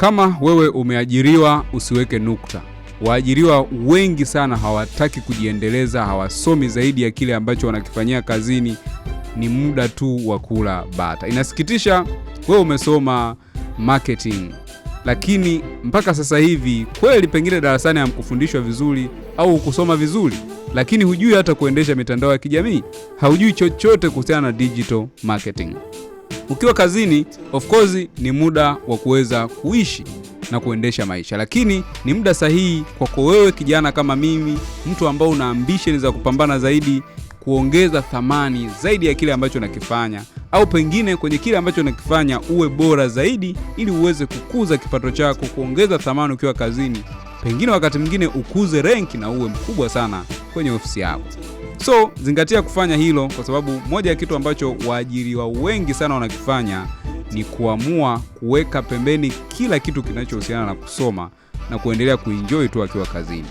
Kama wewe umeajiriwa, usiweke nukta. Waajiriwa wengi sana hawataki kujiendeleza, hawasomi zaidi ya kile ambacho wanakifanyia kazini. Ni muda tu wa kula bata. Inasikitisha, wewe umesoma marketing lakini mpaka sasa hivi kweli, pengine darasani hamkufundishwa vizuri au kusoma vizuri, lakini hujui hata kuendesha mitandao ya kijamii, haujui chochote kuhusiana na digital marketing. Ukiwa kazini, of course, ni muda wa kuweza kuishi na kuendesha maisha, lakini ni muda sahihi kwako wewe kijana kama mimi, mtu ambao una ambition za kupambana zaidi, kuongeza thamani zaidi ya kile ambacho nakifanya, au pengine kwenye kile ambacho nakifanya uwe bora zaidi, ili uweze kukuza kipato chako, kuongeza thamani ukiwa kazini, pengine wakati mwingine ukuze renki na uwe mkubwa sana kwenye ofisi yako. So zingatia kufanya hilo, kwa sababu moja ya kitu ambacho waajiriwa wengi sana wanakifanya ni kuamua kuweka pembeni kila kitu kinachohusiana na kusoma na kuendelea kuenjoy tu akiwa kazini.